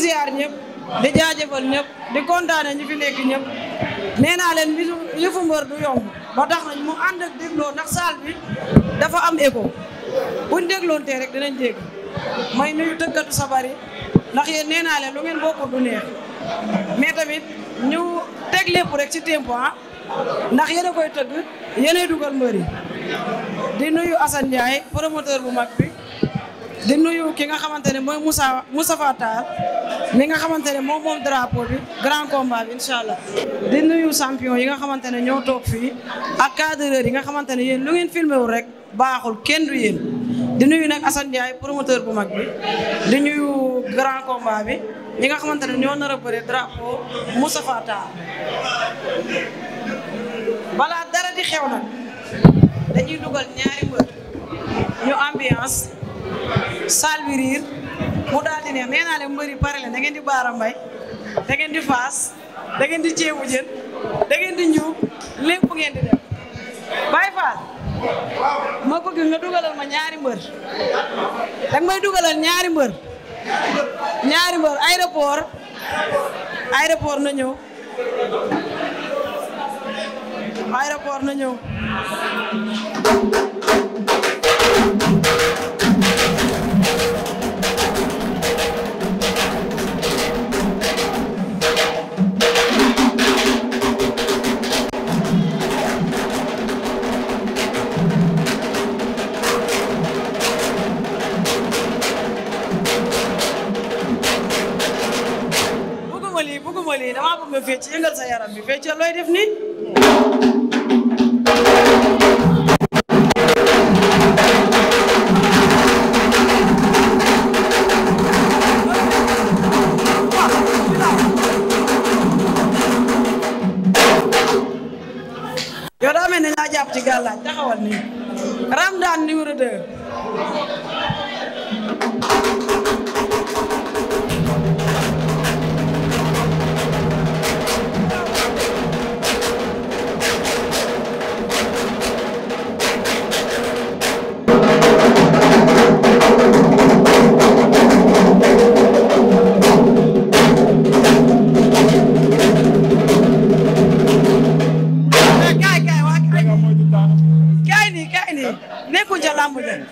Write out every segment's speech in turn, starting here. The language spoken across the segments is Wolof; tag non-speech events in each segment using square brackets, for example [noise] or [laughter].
ngi ziar ñëpp di jaajëfal ñëpp di kontaane ñi fi nekk ñëpp nee naa leen bisu yëfu mbër du yomb ba tax nañ mu ànd dégloo ndax saal bi dafa am écho dégloon dégloonte rek dinañ dégg may nuyu tëggatu sabar yi ndax yéen nee naa leen lu ngeen bokkul du neex mais tamit ñu teg lépp rek ci tempo ah. ndax yéen koy tëgg yéen dugal mbër yi di nuyu Assane Ndiaye promoteur bu mag bi di nuyu ki nga xamante ne mooy Moussa Moustapha Tall mi nga xamante ne moom moom drapeau bi grand combat bi incha di nuyu champion yi nga xamante ne ñoo toog fii ak cadreur yi nga xamante ne yéen lu ngeen filmé wul rek baaxul kenn du yéen di nuyu nag Assane Ndiaye promoteur bu mag bi di nuyu grand combat bi ñi nga xamante ne ñoo nar a bëre drapeau Moustapha Tall balaa dara di xew nag dañuy dugal ñaari mbër ñu ambiance. saal bi riir mu daal di neex nee naa leen mbëri pare leen da di baara mbay di faas da di ceebu jën da di ñuub lépp ngeen di def Baye Fall ma bëgg nga dugalal ma ñaari mbër danga may dugalal ñaari mbër ñaari mbër aéroport aéroport na ñëw aéroport na ñëw fecc yëngal sa yaram bi fecc looy def nii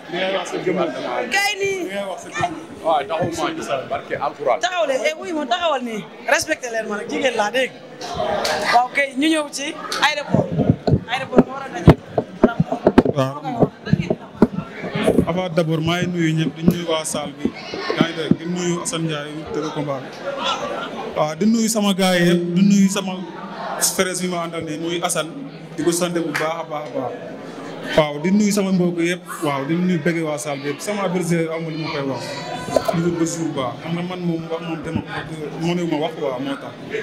kay nii. waaw taxaw maa gis barke alquran. taxaw leen eh, wuy ma taxawal nii respecté leen ma nag jigéen laa dégg waaw ñu ñëw ci aéroport aéroport moo war a daje. waaw. avant nuyu di nuyu waa salle bi di nuyu Assane Ndiaye tëgg combat di nuyu sama gars yëpp di nuyu sama frères yi ma àndal nii muy Assane di ko sant bu baax a baax a baax. waaw di nuyu sama mbokk yëpp waaw di nuyu bëgg waa salle bi yëpp sama adversaire amul li ma koy wax di nuyu ba ba xam nga man moom wax moom dama mënuma wax waa moo tax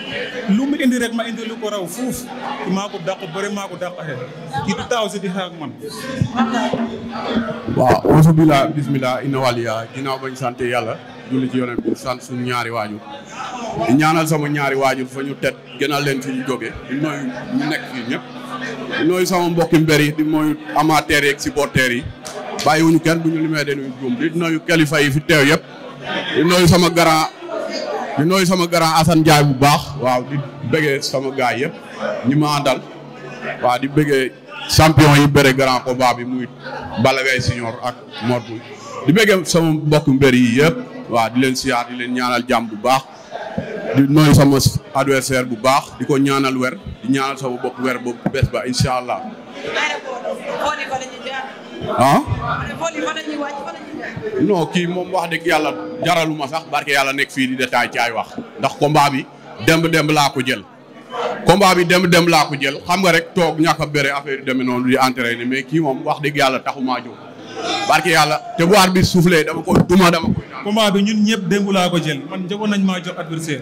lu mu indi rek ma indi lu ko raw fuuf maa ko dàq bëri maa ko dàq xeex kii du taaw si di xeex ak man. waaw alhamdulilah bisimilah inna waliya ginnaaw bañ sant yàlla. julli ci yonent sant suñu ñaari waajur di ñaanal sama ñaari waajur fa ñu tet gënal leen fi ñu jóge di nooyu ñu nekk fii ñëpp di nooyu sama mbokki mbër yi di mooy amateur yeeg supporter yi bàyyiwuñu kenn bu ñu limee dañuy juum di nooyu kilifa yi fi teew yëpp di nooyu sama grand di nooy sama grand assan Ndiaye bu baax waaw di bëggee sama gaay yëpp ñi ma àndal waaw di bëggee champion yi bëre grand combat bi muy Balla Gaye senior ak Mor di bëggee sama mbokk mbër yi yëpp waaw di leen siyaar di leen ñaanal jàmm bu baax di nooy sama adversaire bu baax di ko ñaanal wer di ñaanal sama bopp wer boobu bés ba incha allah ah. non kii moom wax dëgg yàlla jaraluma sax barke yàlla nekk fii di détail ci ay wax ndax combat bi demb demb laa ko jël. combat bi demb demb laa ko jël xam nga rek toog ñàkk a affaire yu demee noonu di entraîné mais kii moom wax dëgg yàlla taxumaa jóg. barke yàlla te bu arbitre bi soufflé dama ko duma dama koy naan. combat bi ñun ñëpp démb ko jël man joxoon nañ maa jox adversaire.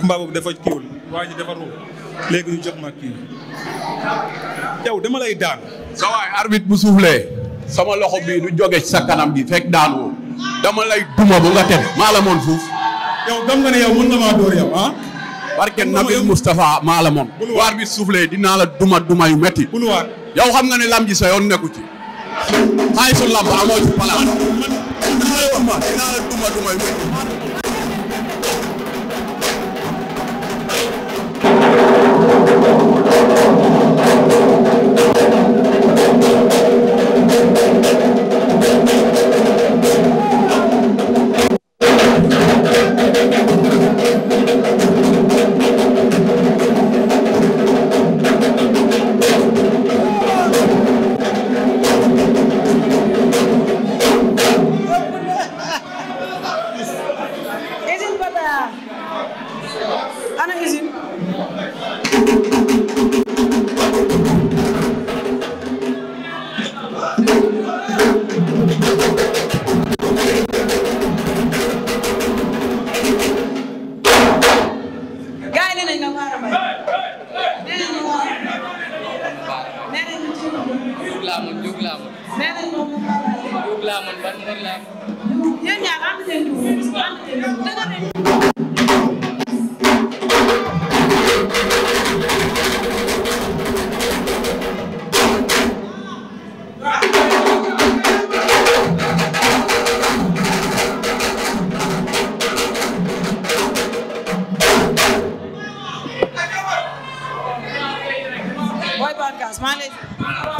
combat boobu dafa kiiwul waa ji dafa ruux léegi jox ma kii dama lay daan. sa waay bu soufflé sama loxo bii nu jóge ci sa kanam bi fekk daan dama lay duma bu nga teg maa moon fuuf. yow gëm nga ne yow mën nga maa dóor yow ah. barke Nabi Moustapha moon. bu arbitre soufflé dinaa la duma duma yu metti yow xam nga ne lam ji sa yoon nekku ci. xaalis su lamb amoo ci palaas. man dinaa la duma duma yu metti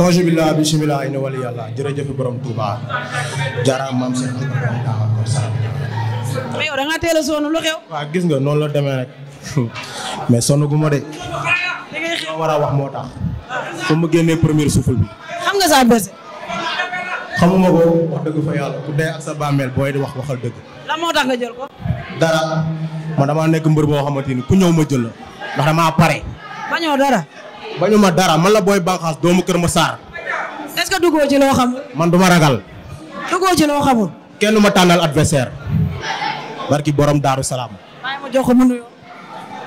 auzu billaahi bismillaahi inna waliyallah jërëjëf borom Touba jaaraam maam Cheikh Anta borom Touba mais yow da ngaa teel sonn lu xew. waaw gis nga noonu la demee rek mais sonn gu ma de. da war a wax moo tax. fu mu génnee premier souffle bi. xam nga saa bés. xamuma ko wax dëgg fa yàlla ku dee ak sa bàmmeel booy di wax waxal dëgg. lan moo tax nga jël ko. dara man damaa nekk mbër boo xamante ni ku ñëw ma jël la ndax damaa pare. bañoo dara. bañu ma dara man la booy bànqaas doomu Kër Massar. est-ce que duggoo ci loo xam. man du ma ragal. duggoo ci loo xamul. kenn ma tànnal adversaire. barki boroom daaru salaam. maa ma jox ko mu nuyoo.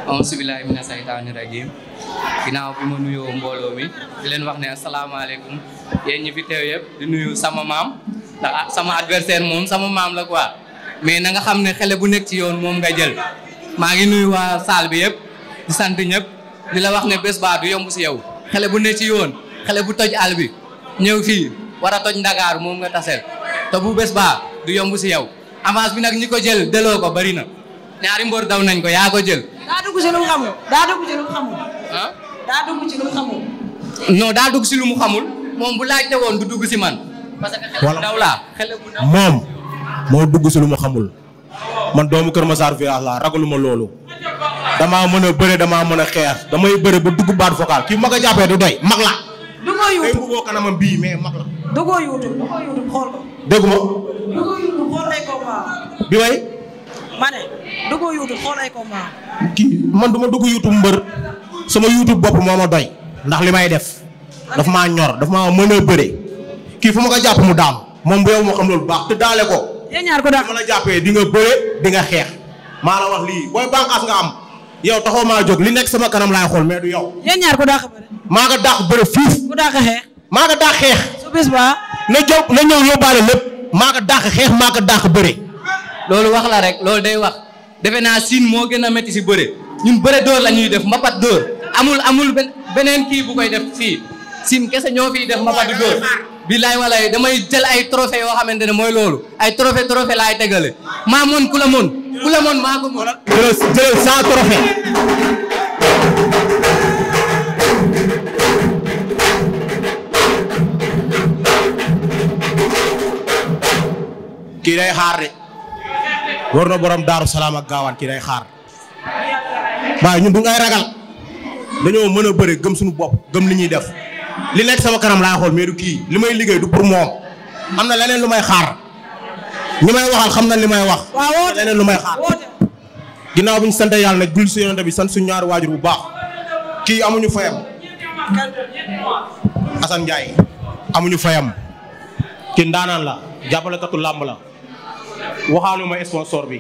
auzu billaahi saytaani rajiim ginnaaw bi ma nuyoo mbooloo mi di leen wax ne asalaamaaleykum yéen ñi fi teew yëpp di nuyu sama maam ndax ah, sama adversaire moom sama maam la quoi mais na nga xam ne xele bu nekk ci yoon moom nga jël maa ngi nuyu waa salle bi yëpp di sant ñëpp di la wax ne bés baa du yomb si yow xele bu nekk ci yoon xele bu toj àll bi ñëw fii war a toj ndagaaru moom nga taseel te bu bés baa du yomb si yow avance bi nag ñi ko jël delloo ko bari na ñaari mbor daw nañ ko yaa ko jël. daa dugg ci lu mu xamul daa dugg ci mu xamul. ah daa dugg ci lu mu xamul. moom bu laajte woon du dugg si man. parce que xel moom moo dugg si lu mu xamul. man doomu Kër Massar Village laa ragaluma loolu. damaa mën a bëre damaa mën a xeex damay bëre ba dugg baat vocal kii mag a jàppee du doy mag la. du ko yuutu tey bu kanamam bii mais mag la. du ko yuutu du ko yuutu xool ko. dégg dugub yuutu xool bi way. ma ne yuutu xool kii man duma ma dugg yuutu mbër sama yuutu bopp moo ma doy ndax li may def daf maa ñor daf ma mën a bëre kii fu ma ko jàpp mu daam moom bu yow moo xam baax te daale ko. yéen ñaar ko di nga di nga xeex maa la wax lii booy bànqaas nga am. yow taxoo maa jóg li nekk sama kanam laay xool mais du yow. maa nga dàq bëre fuuf. maa nga dàq xeex. su bis ba. na jóg lépp. maa ko dàq xeex maa ko dàq bëre. loolu wax la rek loolu day wax defe naa siin moo gën a métti si bëre ñun bëre dóor la ñuy def mbapat dóor amul amul beneen kii bu koy def fii siin kese ñoo fiy def mbapat di dóor. billaay walaay damay jël ay trophée yoo xamante ne mooy loolu ay trophée trophée laay tegale maa moon ku la moon ku la moon maa ko moon. jëlal jëlal sans trophée. kii day xaar de war na borom daaru salaam ak gaawaan kii day xaar waaye ñun duñ ay ragal dañoo mën a bëre gëm suñu bopp gëm li ñuy def li nekk sama kanam laa xool mais du kii li may liggéey du pour moom am na leneen lu may xaar ñi may waxal xam na li may wax. lu may xaar. bi ñu sant yàlla nag julli si yonent bi sant suñu ñaari waajur bu baax kii amuñu fayam Assane Ndiaye amuñu fayam kii ndaanaan la jàppalekatu làmb la waxaanuma sponsor bi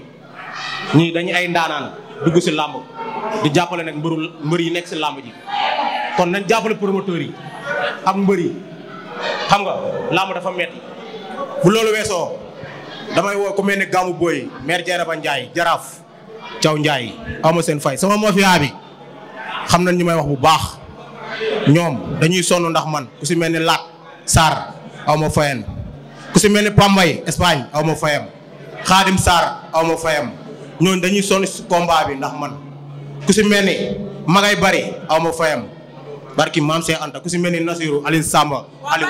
ñii dañu ay ndaanaan dugg si làmb di jàppale nag mbëru mbër yi nekk si làmb ji kon nañ jàppale promoteur yi ak mbër yi xam nga làmb dafa metti bu loolu weesoo damay woo ku mel ni gàmmu booy maire Dieynaba Ndiaye jaraaf Thiaw Ndiaye awma seen fay sama mafia bi xam na ñu may wax bu baax ñoom dañuy sonn ndax man ku si mel ni Lat Sarr awma fayam ku si mel ni Pambay Espagne awma fayam xaadim Sarr aw ma fayam ñooñu dañuy sonn si combat bi ndax man ku si mel ni magay bari aw ma fayam ki maam Cheikh Anta ku si mel ni Nasiru Alioune Samba. Aliou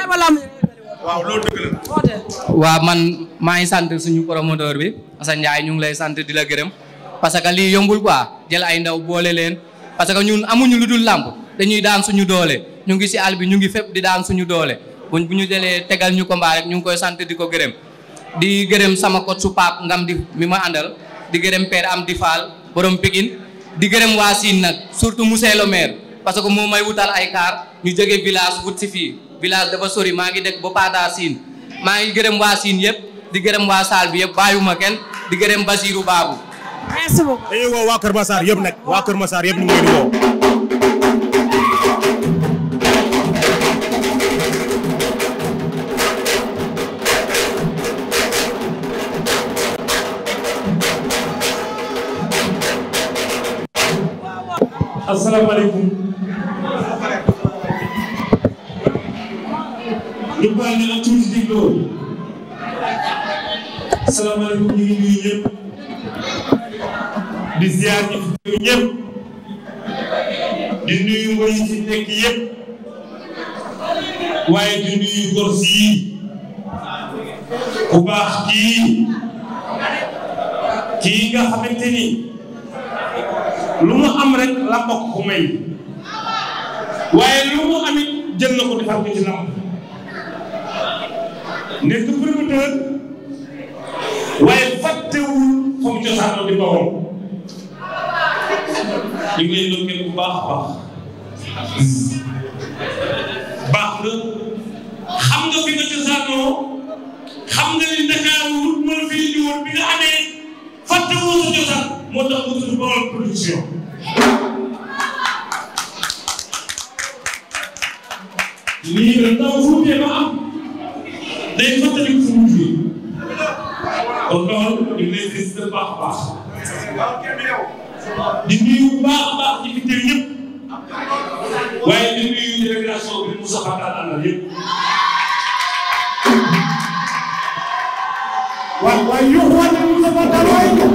waaw loolu dëgg la. waaw man maa ngi sant suñu promoteur bi Assane Ndiaye ñu ngi lay sant di la gërëm parce que lii yombul quoi jël ay ndaw boole leen parce que ñun amuñu lu dul làmb dañuy daan suñu doole. ñu ngi si àll bi ñu ngi fépp di daan suñu doole bu ñu jëlee tegal ñu combat rek ñu ngi koy sant di ko gërëm di gërëm sama kot su Pape Ngam di mi ma àndal di gërëm père am di Fall borom Pikine di gërëm waa Sine nag surtout monsieur le maire parce que moo may wutal ay kaar ñu jóge village wut si fii village dafa sori maa ngi deg ba Paata Sine maa ngi gërëm waa Sine yëpp di gërëm waa Saal bi yëpp bàyyuma kenn di gërëm Basirou Babou. merci beaucoup dañuy waa Kër Massar yëpp nag waa Kër Massar yëpp ñu ngi leen woo. asalaamaaleykum. ñu baal ñu naan tuuti dégloo. asalaamaaleykum ñu ngi nuyu ñëpp. di ziar ñu fi di nuyu mbir yi nekk yëpp. waaye di nuyu góor si kii. kii nga xamante ni. lu mu am rek la bokk ku may waaye lu mu amit jël na ko defar ko ci lamb nekk promoteur waaye fàttewul fa mu cosaanoo di bawoo ñu ngi lay doon bu baax baax baax nga xam nga fi nga cosaanoo xam nga li Dakar wut moo fi indi nga amee fàttewul cosaan moo tax mu tudd Baol production. lii la ndaw fu mu ba am day fàttali fu mu jógee kon loolu ñu ngi lay gis baax a baax. di nuyu baax a baax di fi teew ñëpp waaye di nuyu délégation bi Moussa Fatal àndal yëpp. waaw waaye yow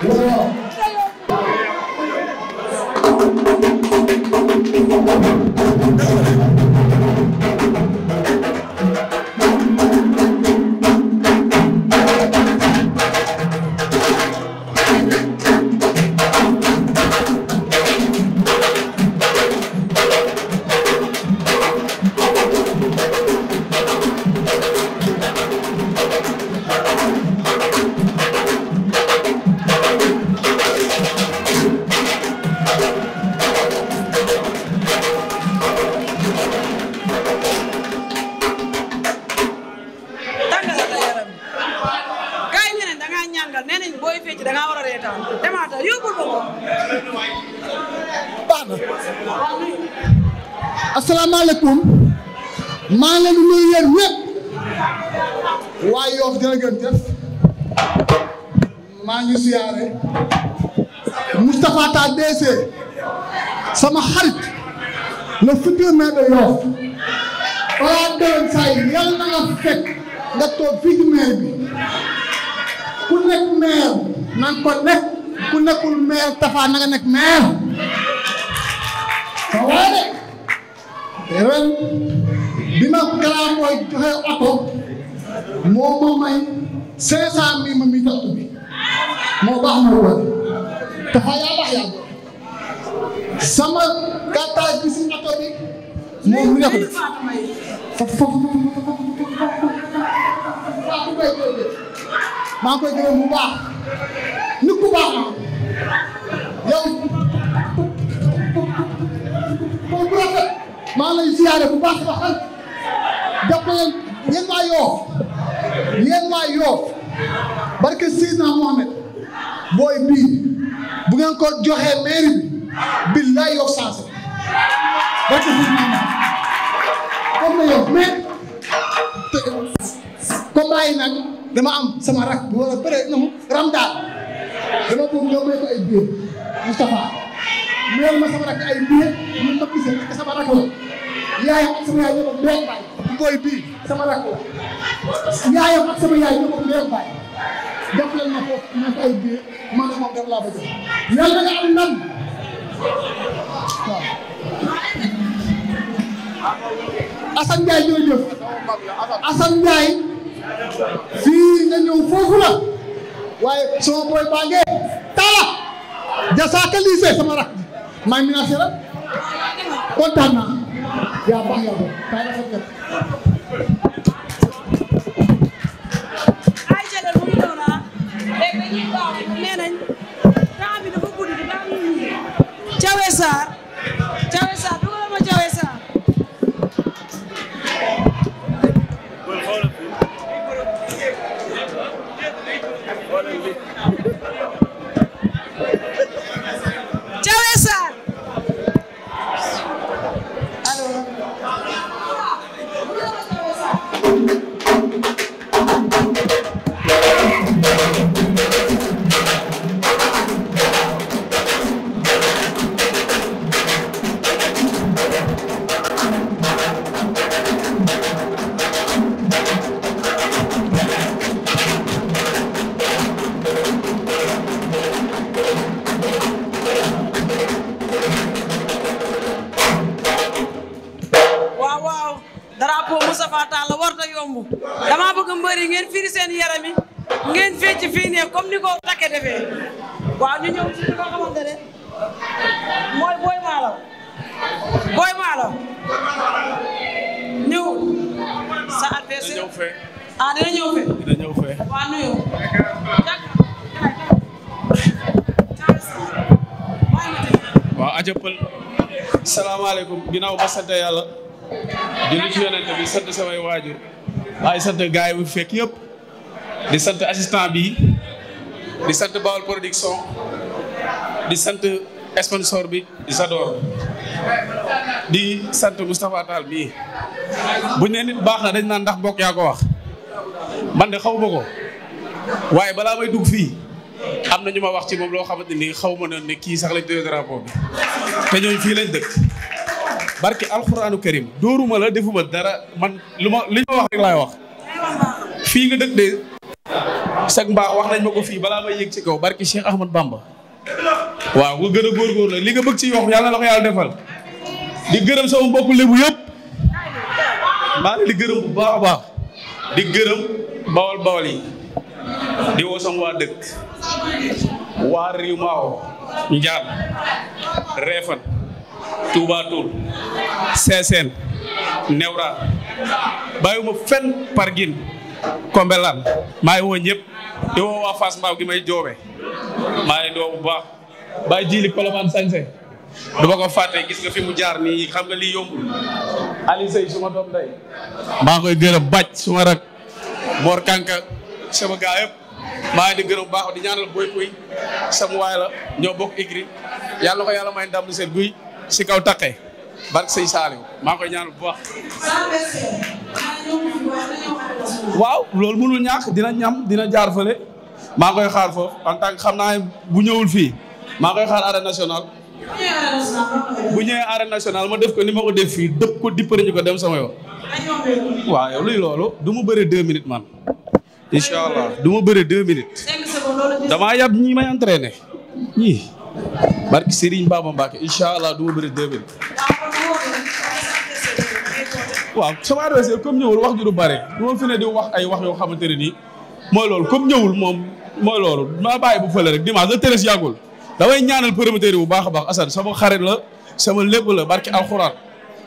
그래서 jumaa ba Yoof balaa déwén saa yi na nga fekk nga toog fii ci bi ku nekk maire nan ko nekk ku nekkul maire Tapha na nekk maire sa waaye de eh, ren bi ma galaam mooy joxe oto moo ma may cinq cent ma mi tax moo baax ma woon Tapha yaa baax yaa sama gàttaay bi si oto moom mi nga ko def maa ngi koy gërëm bu baax nit ku baax la maa lay ziyaare bu baax ba xel jàpp leen yéen waa yoo yéen waa yoo barke Seydina booy bii bu ngeen ko joxee mairie bi billaay yow am na yow mais yi nag dama am sama rak bu war a bëre na mu ramdaal dama ay biir Moustapha meel ma sama rak ay biir mun ma gisee parce que sama rak la yaayam yaay ñoo meel la yaayam ak meel bàyyi def leen ma foofu ma ko ay biir man moom def laa ko jox yàlla nga nan Assane Ndiaye ñooy jëf Assane Ndiaye fii na ñëw foofu la waaye taala jasaaka sama rak maa ngi menacé rek kontaan naa yaa baax yaa baax taay rafet nga neenañ yaram yi ngeen fecc fii ne comme ni ko takke defee ñu ñëw ci li nga xamante ne mooy Boy Malaw Boy Malaw ñëw sa adversaire ah dina ñëw fe dina ñëw fe waaw nuyu waaw ajëppal salaamaaleykum ginnaaw ba sant yàlla jëli ci yonente bi sant samay waajur waaye sant gaay fekk yëpp di sant assistant bi di sant Bawol production di sant sponsor bi di di sant Moustapha Tall bi bu ñu nee nit baax na dañ naan ndax mbokk yaa ko wax man de xaw ma ko waaye balaa may dugg fii am na ñu ma wax ci moom loo xamante ni xaw ma ne kii sax lañ tuddee drapeau bi te ñooñ fii lañ dëkk barke alxuraanu karim dóoruma la defuma dara man lu ma li ma wax rek laay wax fii nga dëkk de sag mbaax wax nañ ma ko fii balaa may yëg ci kaw barki Cheikh Ahmad Bamba waaw nga gën a góorgóorlu li nga bëgg ci yokk yàlla la ko yàlla defal di gërëm sama mbokku lébu yëpp maa ngi di gërëm bu baax di gërëm bawol bawol yi di woo sama waa dëkk waa Rimaaw Njaal Réfan Touba Toul Seeseen Newra bàyyiwuma fenn par gin Kombelaan maa ngi woo ñëpp di woo waa Fass gi may joobe maa ngi doon bu baax bàyyi jiili Colobane Sañse du ma ko fàtte gis nga fi mu jaar nii xam nga lii yombul Ali Sey doom day maa ngi koy gërëm bàcc su ma rak Kanka sama gaa yëpp maa ngi di gërëm baax di ñaanal boy kuy sama waay la ñoo bokk igri yàlla ko yàlla may ndam lu guy si kaw taqee barke sëñ Saliou maa koy ñaanal bu baax. waaw loolu mënul ñàkk dina ñam dina jaar fële maa koy xaar foofu en xam naa bu ñëwul fii maa koy xaar arène nationale. bu ñëwee arène nationale ma def ko ni ma ko def fii dëpp ko dippari ñu ko dem sama yo waaye yow luy loolu du mu bëri deux minutes man. incha allah du mu bëri deux minutes. damaa yab ñi may entraîné ñii. barki Serigne Baba Mbacke incha allah du ma bëri deux mille. waaw sama adversaire comme ñëwul wax ju du bare du ma fi di wax ay wax yoo xamante ne nii mooy lool comme ñëwul moom mooy loolu ma baay bu fële rek dimanche la tërës yàggul damay ñaanal promoteur bu baax a baax Assane sama xarit la sama leb la barki alxuraan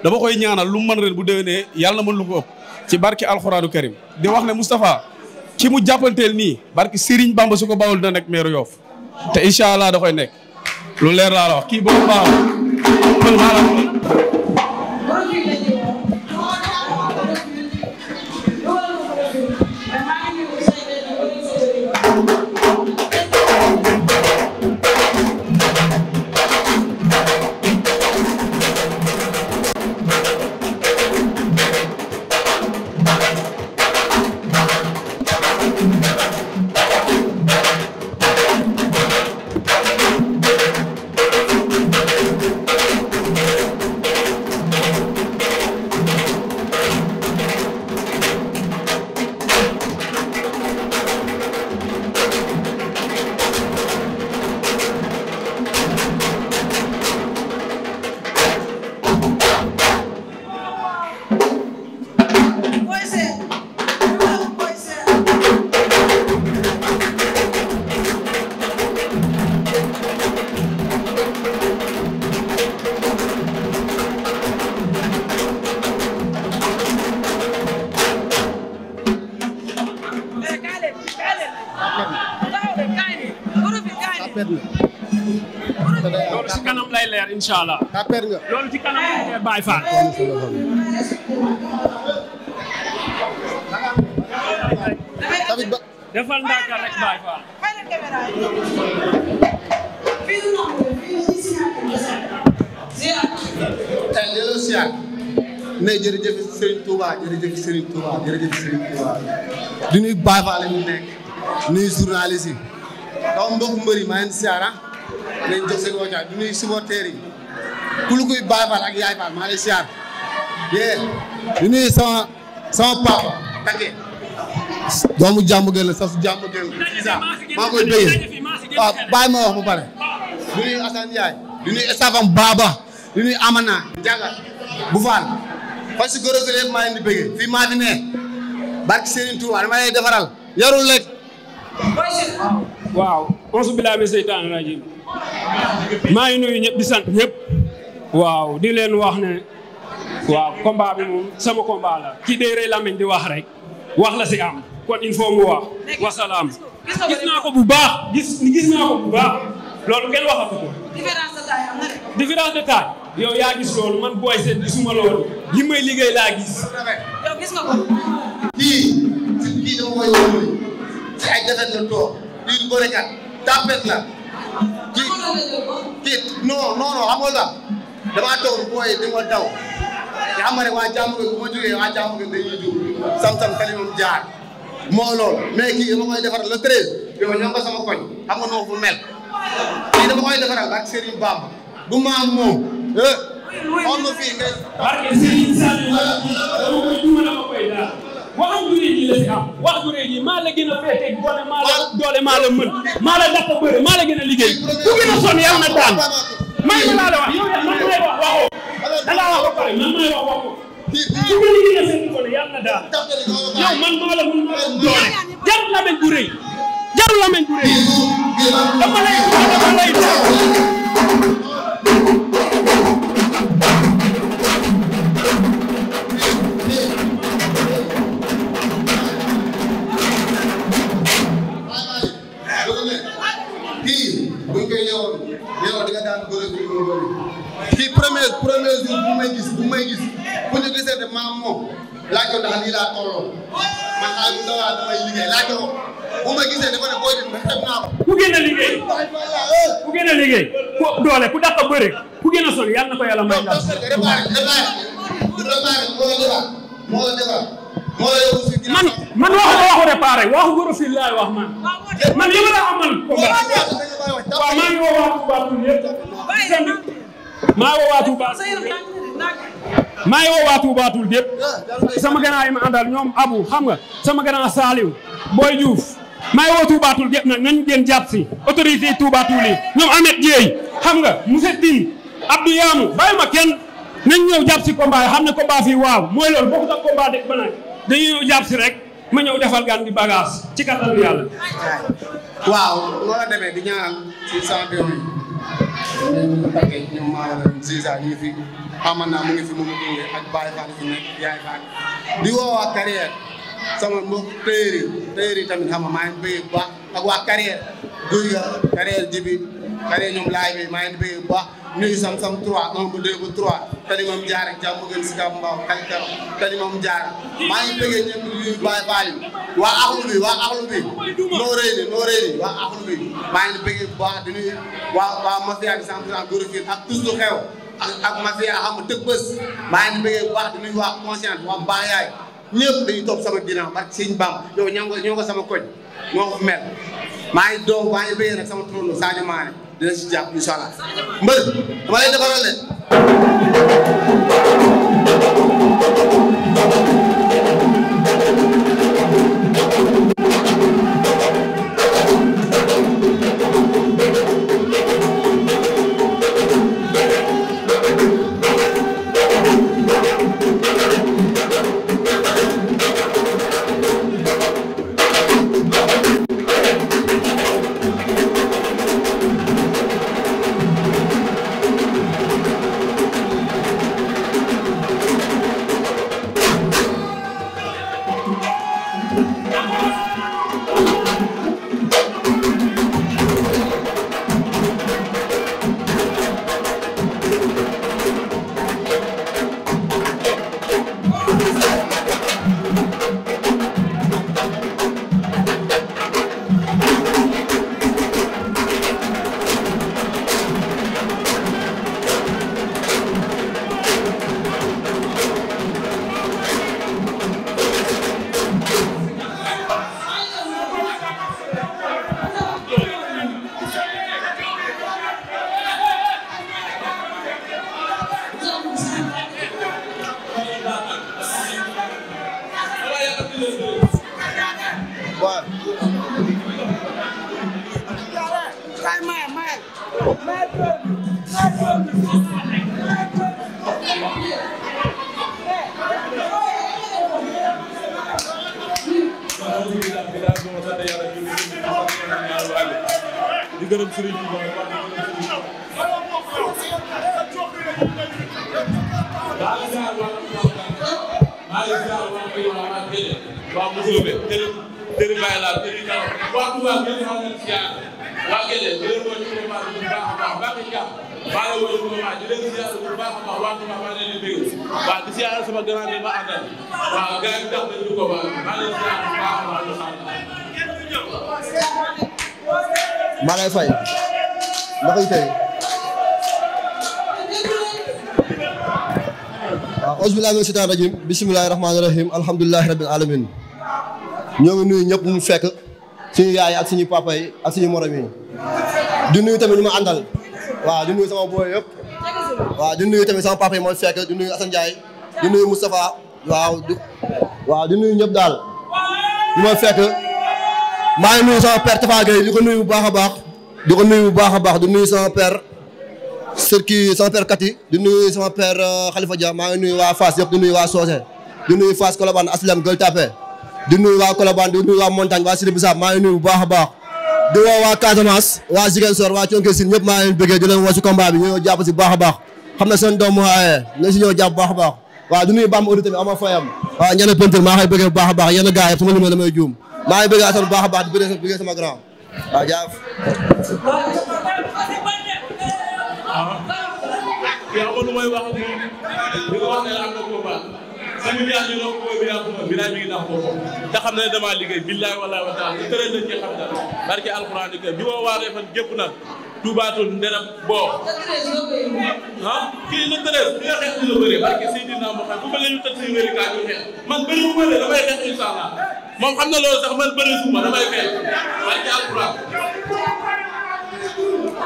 dama koy ñaanal lu mu mën ren bu déwénee yàlla na mën lu ko ci barki alxuraanu karim di wax ne Moustapha ki mu jàppanteel nii barki Serigne Bamba su ko bawul dina nekk te incha allah nekk. lu leer laa la wax kii boobu baaxul tapet nga. loolu ci kanam lay leer incha allah. tapet nga loolu ci kanam lay leer Baye Fall. tamit ba. defal ndànk rek Baye Fall. delloo siyaar ne jërëjëf Serigne Touba jërëjëf Serigne Touba jërëjëf Serigne Touba di nuyu Baye Fall la ñu nekk nuyu journaliste yi daaw mbokk mbër maa ngi siyaara nañ jox seen wàccuwaay ak Yaay Faal maa ngi siyaar yee du nuyu sama sama papa Take doomu jàmm la sax su maa koy béyee waaw bàyyi ma wax ba pare du nuyu Assane Ndiaye du nuyu estafam Amana Ndiaga bu Faal parce que gërëm yëpp maa leen di béyee fii maa fi ne barke Serigne Touba dama defaral yarul rek waaw auzu billaahi mina seytaani rajiim maa ngi nuyu ñëpp di sant ñëpp waaw di wax ne waaw combat bi moom sama combat la ki dee rey di wax rek wax la si am kon il faut mu wax wasalaam gis naa ko bu baax gis gis naa ko bu baax loolu kenn waxatu a différence de taille am na de différence de taille yow yaa gis loolu man booy seet gisuma loolu li may liggéey laa gis si ay jafe-jafe toog di góorekat tàppet la kii kii non non non xam nga la damaa toog booy ma daw te xam rek waa jàmm bu ma jógee waa jàmm nga dañuy jóg sam-sam moom jaar moo loolu mais kii dama koy defar le treize yow ñoo ko sama koñ xam nga noo mel kii dama koy defaral ak Serigne Bamba bu maam moom on ma fii ngay barke Serigne Sall dama koy duma wax ju rëy ji la fi am wax ju rëy ji maa la gën a féete doole maa la doole maa la mën maa la dàq bëre maa la gën a liggéey ku gën a sonn yow na daan man mi laa la wax yow yaa man may wax waxoo da ngaa wax ba pare man may wax waxoo ku gën a liggéey seen doole yàlla na daan yow man maa la mën maa la doole jarul la meñ bu rëy jarul la meñ bu rëy dama lay dama lay yowoon yow di nga daan bëri bi mu bëri ci premier premier jour bu may gis bu may gis bu ñu gisee de maam moom laajoo ndax lii laa tolloo man xaar bu ndawaa laajoo bu ma gisee dafa ne booy dem ba xam naa ko. ku gën a liggéey eh. ku gën a liggéey ku doole ku dàq bëri ku gën a sol yàlla na ko yàlla may. ndax dafa réparé réparé réparé moo la defar moo la defar. man man waxuma waxu départ rek waxu góor wax man man li ma la amal combat waaw maa ngi woo waa Touba Toul yëpp maa maa ngi woo waa Touba Toul yëpp sama gànnaay ma àndal ñoom Abu xam nga sama gànnaay Saliou Boy Diouf maa ngi woo Touba Toul yëpp nag nañu gën jàpp si autorité yi Touba xam nga monsieur Tine Abdou Yamou bàyyi ma kenn nañ ñëw jàpp si xam ne combat fii waaw mooy loolu bokkut ak combat de banaan dañuy ñëw jàpp rek ma ñëw defal gan bi bagage ci kattanu yàlla. waaw loolu la demee di ñaanal ci champion yi ñu tàggee ñoom maanaam ñu ngi fi Amana mu ngi fi mu ngi gunge ak Baye Fall fi nekk yaay Fall di woo waa carrière sama mbokk téeri téeri tamit xam maa ngi bëgg bu baax ak waa carrière guy ga carrière jibi carrière ñoom laay bi maa ngi bëgg bu baax nuyu sam-sam 3 1 ba 2 ba 3 tali moom jaar ak jàmm gën si gàmm mbaaw xaj karo tali moom jaar maa ngi bëggee ñëpp yu baay baay waa axlu bi waa axlu bi noo rëy ni noo waa axlu bi maa ngi bëggee bu baax di nuyu waa waa mafia bi central Gorofine ak tous lu xew ak ak mafia xam nga tëg bés maa ngi bëggee waa conscience waa baax yaay ñëpp dañuy topp sama ginnaaw barke sëñ yow ñoo ko sama koñ moo ko mel maa ngi doom maa nag sama trondo Sadio Mané dina ci jàpp incha allah mbër dama lay defaral leen ausbillahi mina shaytaani rajim bisimilahi rahmaani rahim alhamdulilahi rabil alamin ñoo ngi nuyu ñëpp ñu fekk suñu yaay ak suñu papa yi ak suñu morom yi di nuyu tamit ñu ma àndal waaw di nuyu sama booy yëpp waaw di nuyu tamit sama papa yi mooy fekk di nuyu Assane Ndiaye di nuyu Moustapha waaw di nuyu ñëpp daal ñu ma fekk maa ngi nuyu sama père Tafa Gueye di ko nuyu bu baax a baax du ko nuyu bu baax baax di nuyu sama père sër kii sama père Kati di nuyu sama père euh, Khalifa Dia maa ngi nuyu waa Fass yëpp di nuyu waa Socé di nuyu Fass Colobane Asilem Gueule Tapée di nuyu waa Colobane di nuyu waa Montagne waa Sidi Bissab maa ngi bu baax a baax di woo waa Casamance waa Ziguinchor waa Thionke Sine maa ngi leen bëggee di si combat bi ñu si bu baax a baax xam na seen doom moo si ñëw jàpp bu baax a baax waaw di nuyu baax a baax yenn gars yi su ma limee maa ngi bëggee bu baax a baax di ah yow amul lu may wax ak moom li ko wax ne la am na combat sami bi yàlla ñu doon ko bi yàlla ko bi laaj mi ngi nax boppam te xam ne damaa liggéey billahi wallahi wa taala tëral na ci xam dara barke alquran di bi ma waaree fan gépp nag tuubaatul nderem boo ah kii la tëral bi nga xeex di la bëree barke Seydina Muhammad bu ma leen ñu tëj si wéri kaa ñu xeex man bëri bu ma lee damay xeex incha allah moom xam na loolu sax man bëri suma damay xeex barke alquran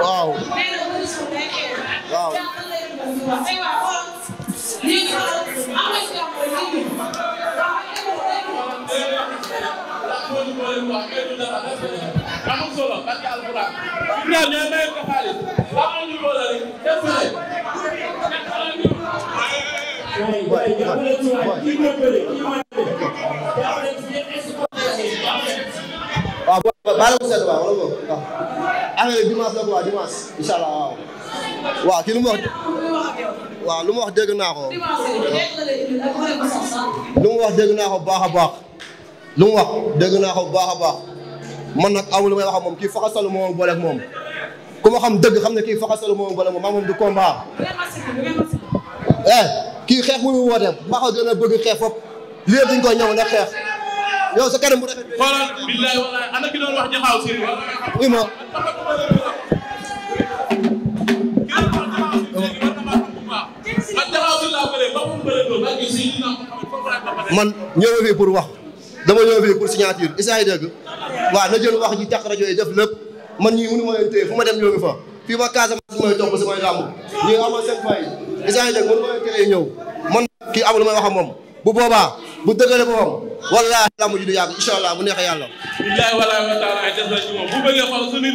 waaw waaw boobu baal ma seet waaw wala boobu waaw. dimanche la quoi dimanche incha allah waaw. waaw kii lu mu wax. waaw lu mu wax dégg naa ko. lu mu wax dëgg naa ko baax a baax. lu mu wax dëgg naa ko baax a baax man na amul lu may wax moom kii faxasalu moo boole ak moom ku ma xam dëgg xam na kii faxasalu moo boole ak moom maa moom du combat. eh kii xeex mu ngi woote maa ko gën a bëgg xeex foofu lii yëpp dañu koy xeex. yow sa kanam bu rafet. xoolal billaay walaay ana ki doon wax jaxaaw si ma. man ñëw fii pour wax dama ñëw fii pour signature isaay dégg waaw na jël wax ji tax rajo yi def lépp man ñii mënu ma leen fu ma dem ñoo ngi fa fii ba Casamance may topp samay làmb ñii amal seen fay isaay dégg mënu ma leen téye ñëw man kii amul may wax moom bu boobaa bu dëggale boppam wallaahi làmb ji du yàgg incha allah bu neexee yàlla. billaahi wallaahi wa taala ay des na ci moom bu bëggee xool suñu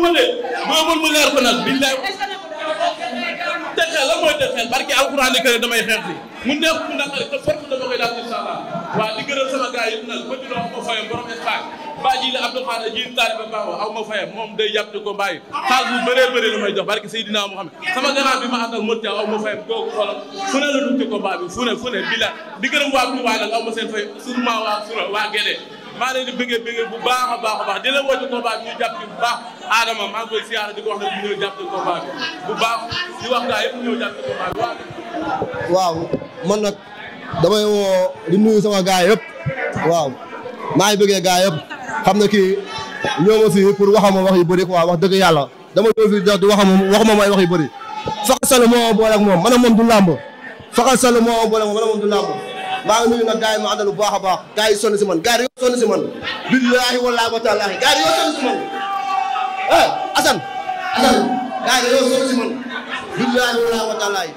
ma dee. moo mën mu leer nag te xel la mooy te xel barki alxuraan yi damay xeex fi mu neex mu naqari te fort dama koy daal incha allah waaw di gërëm sama gars yi ba dina aw ma fayam borom Espagne ba ji la Abdou Khadre ji taaliba baaxoo aw ma fayam moom day yàpp di ko bàyyi xaalis bu bëree bëri la may jox barki Seydina Mouhamed sama gannaaw bi ma àndal Modou aw ma fayam kooku xolam fu ne la dugg ci combat bi fu ne fu di gërëm waa Touba aw ma seen fay surement waa Sura waa Guédé maa leen di bëggee bëggee bu baax a baax a baax di la woo ci combat bi jàpp di ko wax bu baax di wax gaa yëpp ñëw jàpp ci combat bi waaw man nag damay woo di sama gaa yëpp waaw maa ngi bëggee gaa yëpp xam na kii ñoo ma fi pour wax ma wax yu bëri quoi wax dëgg yàlla dama di wax ma wax ma may wax yu bëri. Faxal Sall moo boole moom man moom du làmb Faxal Sall moo boole moom man moom du làmb. maa ngi nuyu nag gars yi ma àndal baax a baax gars yi si man gars yi sonn si man billaahi wallaahi wa taalaahi gars yi si man eh, billaahi wallaahi wa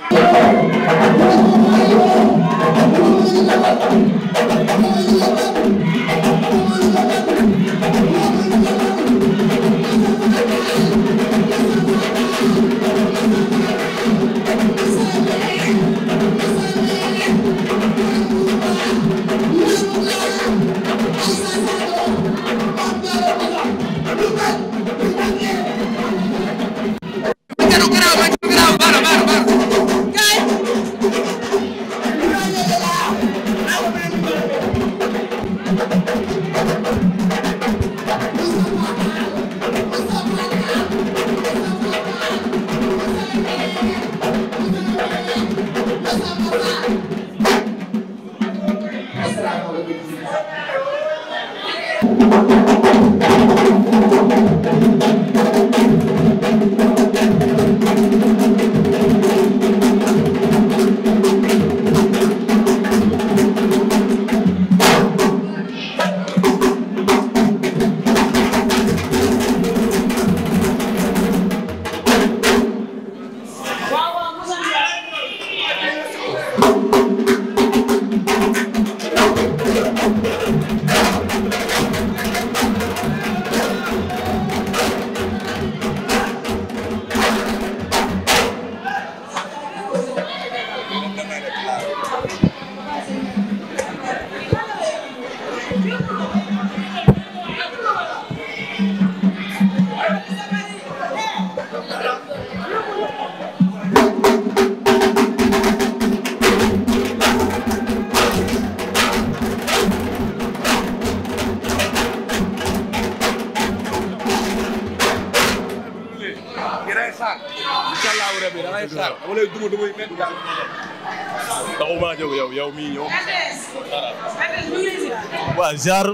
ziar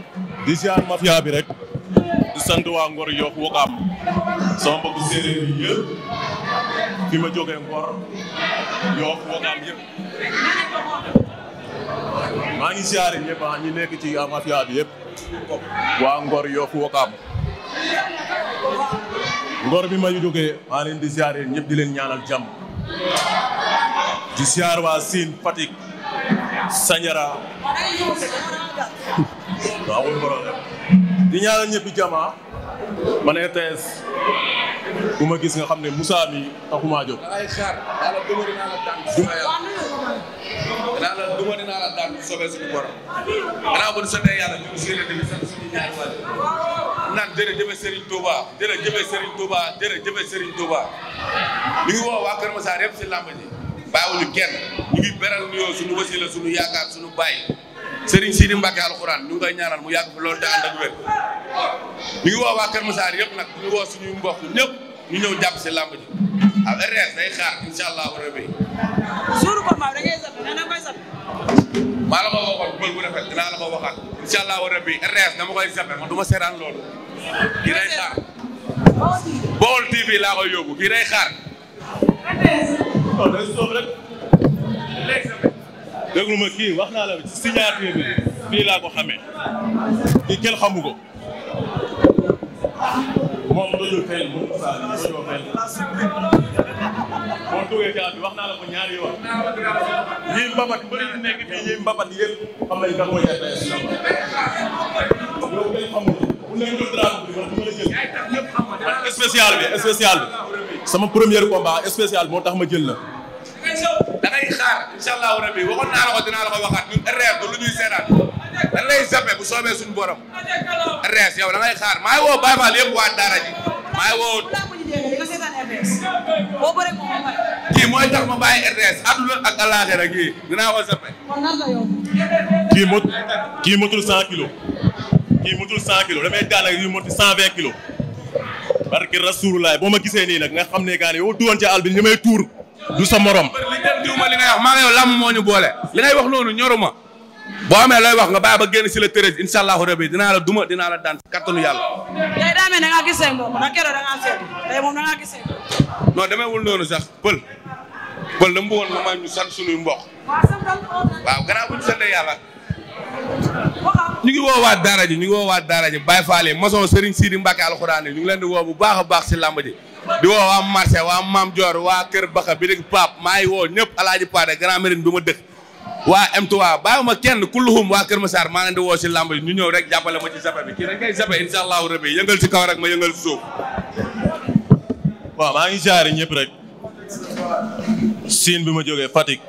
di ziar bi rek di sant waa Ngor Yoff Wakaam sama mbokk séeréer yëpp fi ma joge Ngor Yoff Wakaam yëpp maa ngi ziar ñëpp ah, ñi nekk ci ah, mafia bi yëpp waa Ngor Yoff Wakaam Ngor bi ma jógee maa leen di ziar ñëpp di leen ñaanal jàmm di ziar waa Sine Fatick Sandiara. waaw amul problème. di ñaanal ñëpp jama ah. man RTS bu gis nga xam ne Moussa mi taxumaa jóg. ay xaar yàlla duma dinaa la daan. yàlla la bu ñu sotee yàlla ñu ngi séeréer di sant suñu ñaari wàll. naan jërëjëf Serigne Touba jërëjëf Serigne Touba jërëjëf Serigne waa Kër Massar yëpp si làmb bàyyiwuñu kenn ñu ngi beral nuyoo suñu wasila suñu yaakaar suñu bàyyi Serigne Sidi Mbacke alxuraan ñu ngi koy ñaanal mu yàgg fa loolu te ànd ak wér ñu ngi woo waa Kër Massar yëpp nag ñu woo suñu mbokk ñëpp ñu ñëw jàpp si làmb ji waaw ah, RS day xaar incha allahu rabi. suuru ko maaw da ngay sab da nga koy sab. maa la ko waxoon bël bu rafet dinaa la ko waxaat incha allahu rabi RS dama koy zappe man du ma seetaan loolu. kii day xaar Baol TV laa koy yóbbu kii day xaar. non day sóob rek. déglu ma kii wax naa la ci signature bi fii laa ko xamee kii kenn xamu ko. moom doyul tey moom doyul tey moom duggee ci bi wax naa la ko ñaari yoon ñii mbabat bëri na nekk fii ñii mbabat yëpp xam nañ kan mooy RTS yow kenn xamul bu nekk drapeau bi man du ma la jël. man spécial bi spécial bi. sama premier combat spécial moo tax ma jël la. da ngay xaar incha allahu rabi waxoon naa la ko dinaa la waxaat ñun RR du lu ñuy lay zappe bu soobee suñu borom RS yow da xaar maa woo Baye Fall yëpp waa Daara ji maa ngi woo. kii mooy tax ma bàyyi RTS àdduna ak àllaaxira kii dinaa ko zappe. kii mot kii motul 100 kilos kii motul 100 kilos damay daanaka kii motul 120 kilos. barki rasulullah boo ma gisee nii nag nga xam ne gaa ne yow duwoon ci àll bi tuur du sa morom. li ngay wax maa ngi yow làmm moo ñu boole. li ngay wax noonu ñoruma. boo amee looy wax nga bàyyi ba génn si la tërëj incha allahu rabi dinaa la duma dinaa la daan kattanu yàlla. tey daa mel da ngaa gisee moom nag keroog da moom da ngaa gisee. demeewul noonu sax pël. pël dama bëggoon nga may ñu sant suñuy mbokk. waaw gannaaw bu ñu santee ñu ngi woowaat daara ji ñu ngi woowaat daara ji Baye Fall maçon Serigne Sidi Mbacke alxuraan yi ñu ngi leen di woo bu baax a baax si làmb ji di woo waa marché waa Maam Dior waa Kër Baxa bi dëkk Pape maa ngi woo ñëpp alaaji Paade Grand Mérine bi ma dëkk waa M3 ma kenn kulluhum waa Kër Massar maa leen di woo si làmb ji ñu ñëw rek jàppale ma ci zappe bi kii rek ngay zappe insha allahu rabi rek ma yëngal si suuf ngi jaari ñëpp rek siin bi ma jógee fatik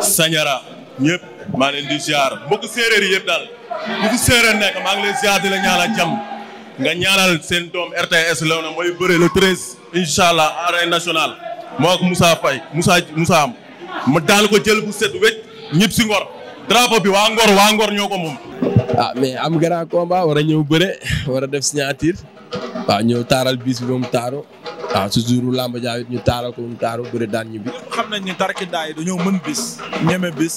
Sañara ñëpp maa leen di ziar mbokk séeréer yi yëpp daal bu fi séeréer nekk maa ngi leen di la ñaanal jàmm nga ñaanal seen doom RTS Léona mooy bëre le treize incha allah arène moo ak Moussa Faye Moussa Moussa am ma daan ko jël bu set wécc ñib si ngor drapeau bi waa ngor waa ngor ñoo ko moom. ah mais am grand combat war a ñëw bëre def signature waaw ñëw taaral bis bi ba taaru waaw su jour làmb jaaw ñu taaral ko ñu taaru bëri daan bi xam nañ ni tarkindaa yi dañoo mën bis ñeme bis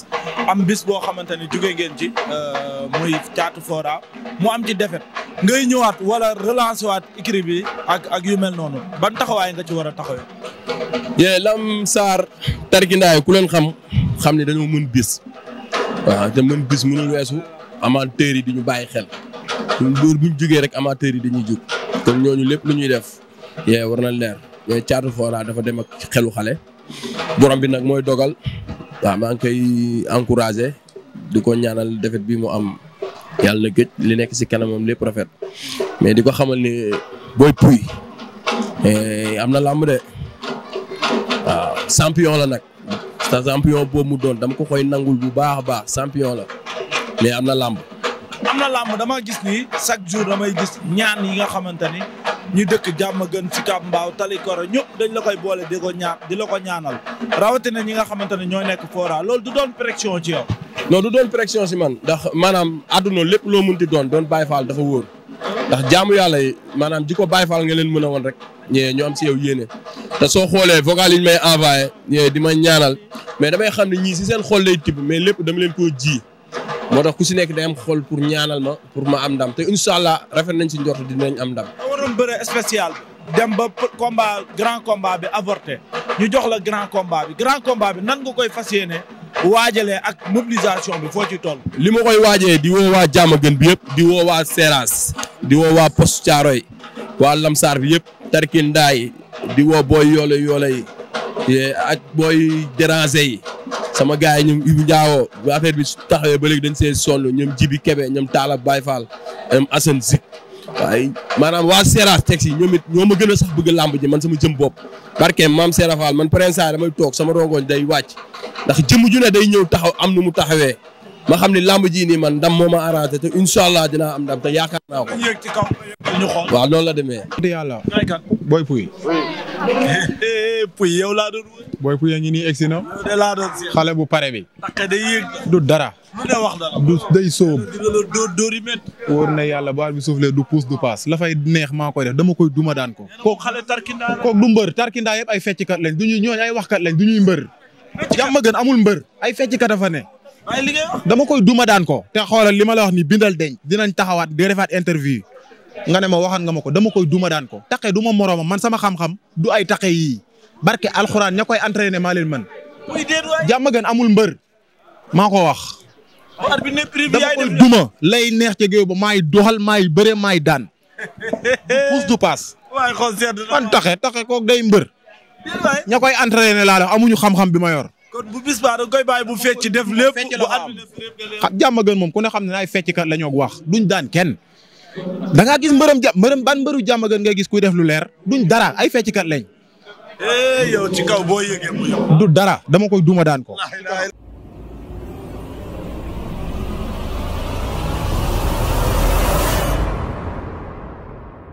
am bis boo xamante ni jugee ngeen ci euh, muy caatu fora mu am ci defet ngay ñëwaat wala relancer waat écurie bi ak ak yu mel noonu ban taxawaay nga ci war a taxawee. yee Lam Sarr tarkindaa yi ku leen xam xam ne dañoo mën bis waaw te mën bis mënul weesu amateurs yi di ñu bàyyi xel ñun loolu bu ñu jugee rek amateurs yi dañuy jug kon ñooñu lépp lu ñuy def. yee war na leer yee caatu Fora dafa dem ak xelu xale borom bi nag mooy dogal waaw maa ngi koy encouragé di ko ñaanal defet bi mu am yàlla na gëj li nekk si kanamam lépp rafet mais di ko xamal ni booy puy eh, am na làmb de waaw champion la nag sa champion boobu mu doon dama ko koy nangul bu baax a baax champion la mais am na làmb am na làmb dama gis ni chaque jour damay gis ñaan yi nga xamante ñu dëkk jàmm gën ci Kab Mbaaw Tali Koro ñëpp dañ la koy boole di ko ñaan di la ko ñaanal rawatina ñi nga xamante ne ñoo nekk Fora loolu du doon pression ci yow. non du doon pression si man ndax maanaam àdduna lépp loo mun munti doon doon Baye faal dafa wóor ndax jaamu yàlla yi maanaam di ko Baye Fall nga leen mën a woon rek ñee ñu si yow yéene te soo xoolee vocal yi ñu may envoyé ñee di may ñaanal mais damay xam ne ñii si seen xool lay tibb mais lépp dama leen koo jii moo tax ku si nekk day am xol pour ñaanal ma pour ma am ndam te incha allah rafet nañ si njort dinañ am ndam. waroon bëre spécial dem ba combat grand combat bi avorté ñu jox la grand combat bi grand combat bi nan nga koy fas yéene waajalee ak mobilisation bi foo ci toll. li ma koy waajee di woo waa Diamaguène bi yëpp di woo waa Seras di woo waa Poste yi waa Lamsaar bi yëpp Tarkindaa yi di woo booy yoole yoole yi ak booy déranger yi sama gars yi ñoom Ibou Ndiawo bu affaire bi taxawee ba léegi dañ see sonn ñoom Jibi Kebe ñoom Talla Baye Fall ñoom Assane Zik waaye maanaam waa Seras teg si ñoom ma gën a sax bëgg làmb ji man sama jëm bopp barke maam Seras Fall man Prince damay toog sama rongoñ day wàcc ndax jëmm ju ne day ñëw taxaw am nu mu taxawee ma xam ni lamb ji nii man ndam moo ma arrangé te incha allah dinaa am ndam te yaakaar naa ko. waaw noonu la demee. yàlla. Eh, puy yow laa doon wër. booy puy yaa ngi nii egg xale bu pare bi. du dara. du day sóob. wóor na yàlla bu bi suuf lee du puus du paas la fay neex maa koy dama koy duma daan ko. kooku xale tarkindaa la. kooku du mbër tarkindaa yëpp ay fecckat lañ du ñuy ñooñ ay waxkat lañ du ñuy mbër. jàmm gën amul mbër ay fecc a fa ne. dama koy duma daan ko. te xoolal li ma la wax ni bindal deñ dinañ taxawaat di defaat interview. nga ne ma waxan nga ma ko dama koy duma daan ko. taqe du ma moroomam man sama xam-xam du ay taqe yii barke alxuraan ña koy entraîné maa leen mën. jàmm amul mbër maa ko wax. Oh, dama koy duma lay neex ca géew ba maay doxal maay bëre maay daan. [laughs] pousse du paas. waay xool sedd man taqe day mbër. ña koy entraîné laa la amuñu xam-xam bi ma yor. kon bu bis baa da koy bàyyi bu fecc def lépp bu at. moom ku ne xam ne ay fecckat la ñu wax duñ daan kenn. da ngaa gis mbërëm jàmm mbërëm ban mbëru jàmm gën ngay gis kuy def lu leer duñ dara ay feccikat lañ. eh yow ci kaw boo yëgee mu du dara dama ko duma daan ko.